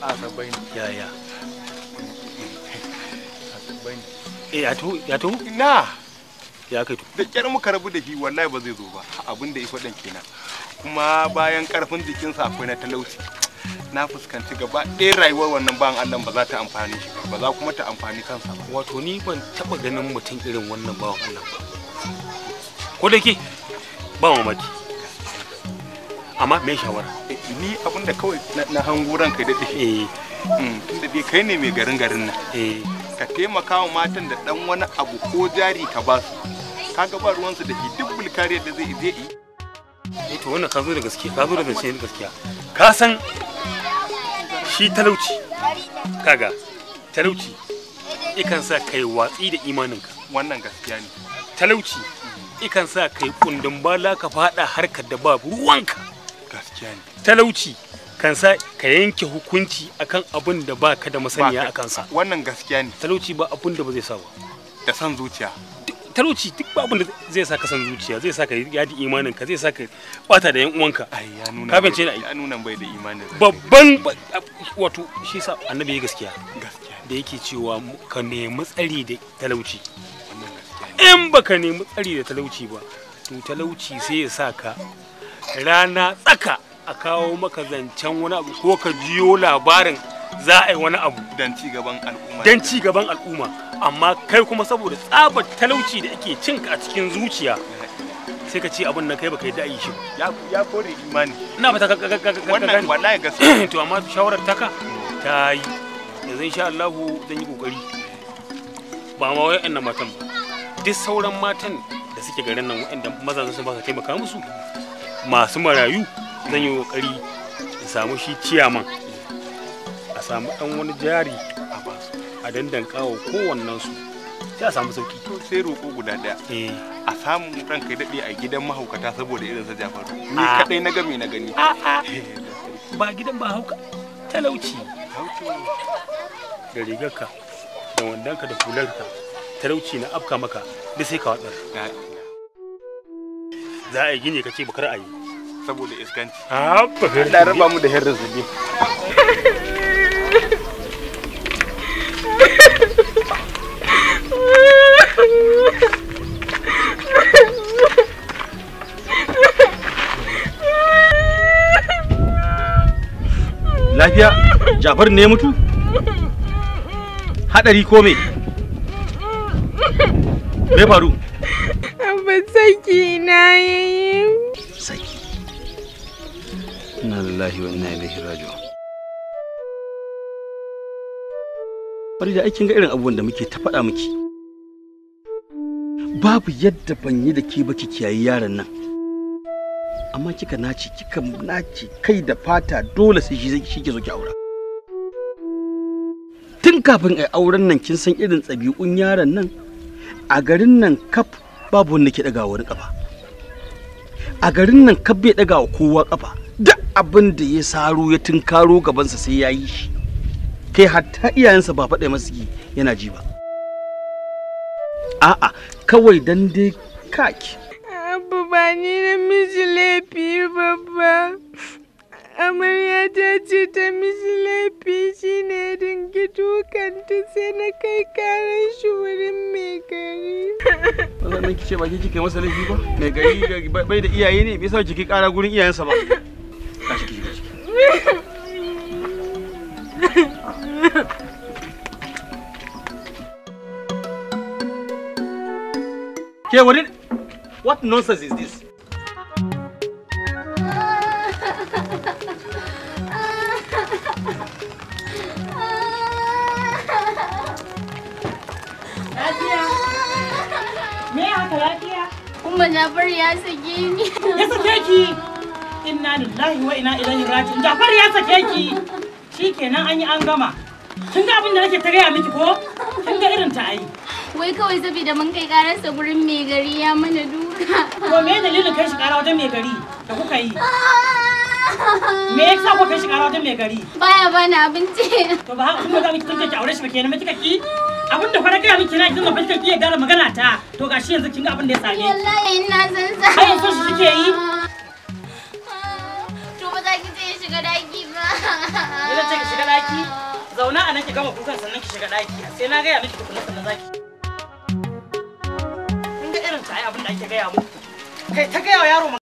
asabbai ya ya asabbai eh, ya to ya na ya kai to da kyar muka rabu da shi wallahi ba zai zo ba abin da ifa dan kenan kuma bayan karfin jikinsa akwai na talauci na fuskanci gaba ɗaya rayuwar wannan ban Allah ba za ta amfani shi ba za kuma ta amfani kansa ba wato ni ban taba ganin mutum irin wannan bawan Allah ba ko da ke ba mamaki amma mai shawara eh, ni abinda kawai na hango kai da dai tunda dai kai ne mai garin garin nan eh. ka taimaka wa matan da dan wani abu ko jari ka ba su kaga ba su da duk bulkariyar da zai je yi eh to wannan ka zo da gaskiya ka zo da gaskiya gaskiya ka san shi talauci kaga talauci ikan sa kai watsi da imaninka wannan gaskiya ne talauci ikan mm. sa kai kundin bala ka fada harkar da babu ruwanka talauci kan sa ka yanke hukunci akan abin da ba ka da masaniya a kansa wannan gaskiya ne talauci ba abin da ba zai sa ba da san zuciya talauci duk ba abin da zai sa ka san zuciya zai sa ka yadi imanin ka zai sa ka bata da yan uwanka ai ya nuna ka bance ya nuna bai da imanin babban wato shi sa annabi ya gaskiya gaskiya da yake cewa ka nemi tsari da talauci in baka nemi tsari da talauci ba to talauci sai ya sa ka rana tsaka a kawo maka zancen wani abu ko ka jiyo labarin za a yi wani abu don ci gaban al'umma amma kai kuma saboda tsabar talauci da ake cinka a cikin zuciya sai ka ce abin nan kai baka yi ayi shi ya kore imani ina ba ta ka hmm, amma shawarar taka ta yi yanzu insha kokari ba ma matan sauran matan da suke garin nan wayanda maza su ba taimaka musu masu marayu zan yi kokari in samu shi ciyaman a samu dan wani jari a basu a dandan kawo kowannen su sai a samu sauki to sai roko guda daya eh. a samu ranka kai daɗe a gidan mahaukata saboda irin sa jafaru ni ah. kadai na gami na gani ah, ah. Eh, ba gidan ba hauka talauci da rigarka da wandonka da hularka talauci na afka maka da sai ka watsar za a yi gini ka ce bakar a yi saboda iskanci da ah, raba mu da herrin zubi lafiya jafar ne mutu hadari ko me me faru saki na yayi saki inna lillahi wa inna ilaihi rajo. Farida ai ga irin abubuwan da muke ta faɗa miki babu yadda ban yi da ke ba ki kiyayi yaron nan amma kika nace kika nace kai da fata dole sai shi ke zo ki aura tun kafin ai auren nan kin san irin tsabi'un yaron nan a garin nan kaf babu wanda ke daga wani kafa a garin nan ka bai daga wa kowa kafa duk abin da ya saro ya tunkaro gabansa sai ya yi shi kai hatta iyayensa ba faɗa masu yi yana ji ba a'a kawai dan dai kaki abu ba ni na miji laifi babba da kice ba kike masa laifi ba mai da iyaye ne bai sa kike kara gurin iyayensa ba kashi kike ke what nonsense is this ku lafiya? Jafar ya sake ni. Ya sake ki? Inna lillahi wa inna ilaihi raji'un. Jafar ya sake ki. Shikenan an yi an gama. Kin ga abin da nake ta gaya miki ko? Kin ga irin ta ai. Wai kawai saboda mun kai kararsa gurin mai gari ya mana duka. To me dalilin kai shi kara wajen mai gari da kuka yi? Ah, me yasa ko kai shiga wajen mai gari baya bana abinci to ba kuma za mu ki tunke ki aure shi ba kenan miki kaki abin da fara gaya miki na kin mafi kaki ya gara magana ta to gashi yanzu kin ga abin da ya same ki wallahi ina san sa ai so shi kike yi to ba za ki je shiga daki ba yana ce ki shiga daki zauna a nan ki gama kukan sannan ki shiga daki sai na gaya miki tukuna sannan zaki kin ga irin ta ai abin da ake gaya muku kai ta gaya yaro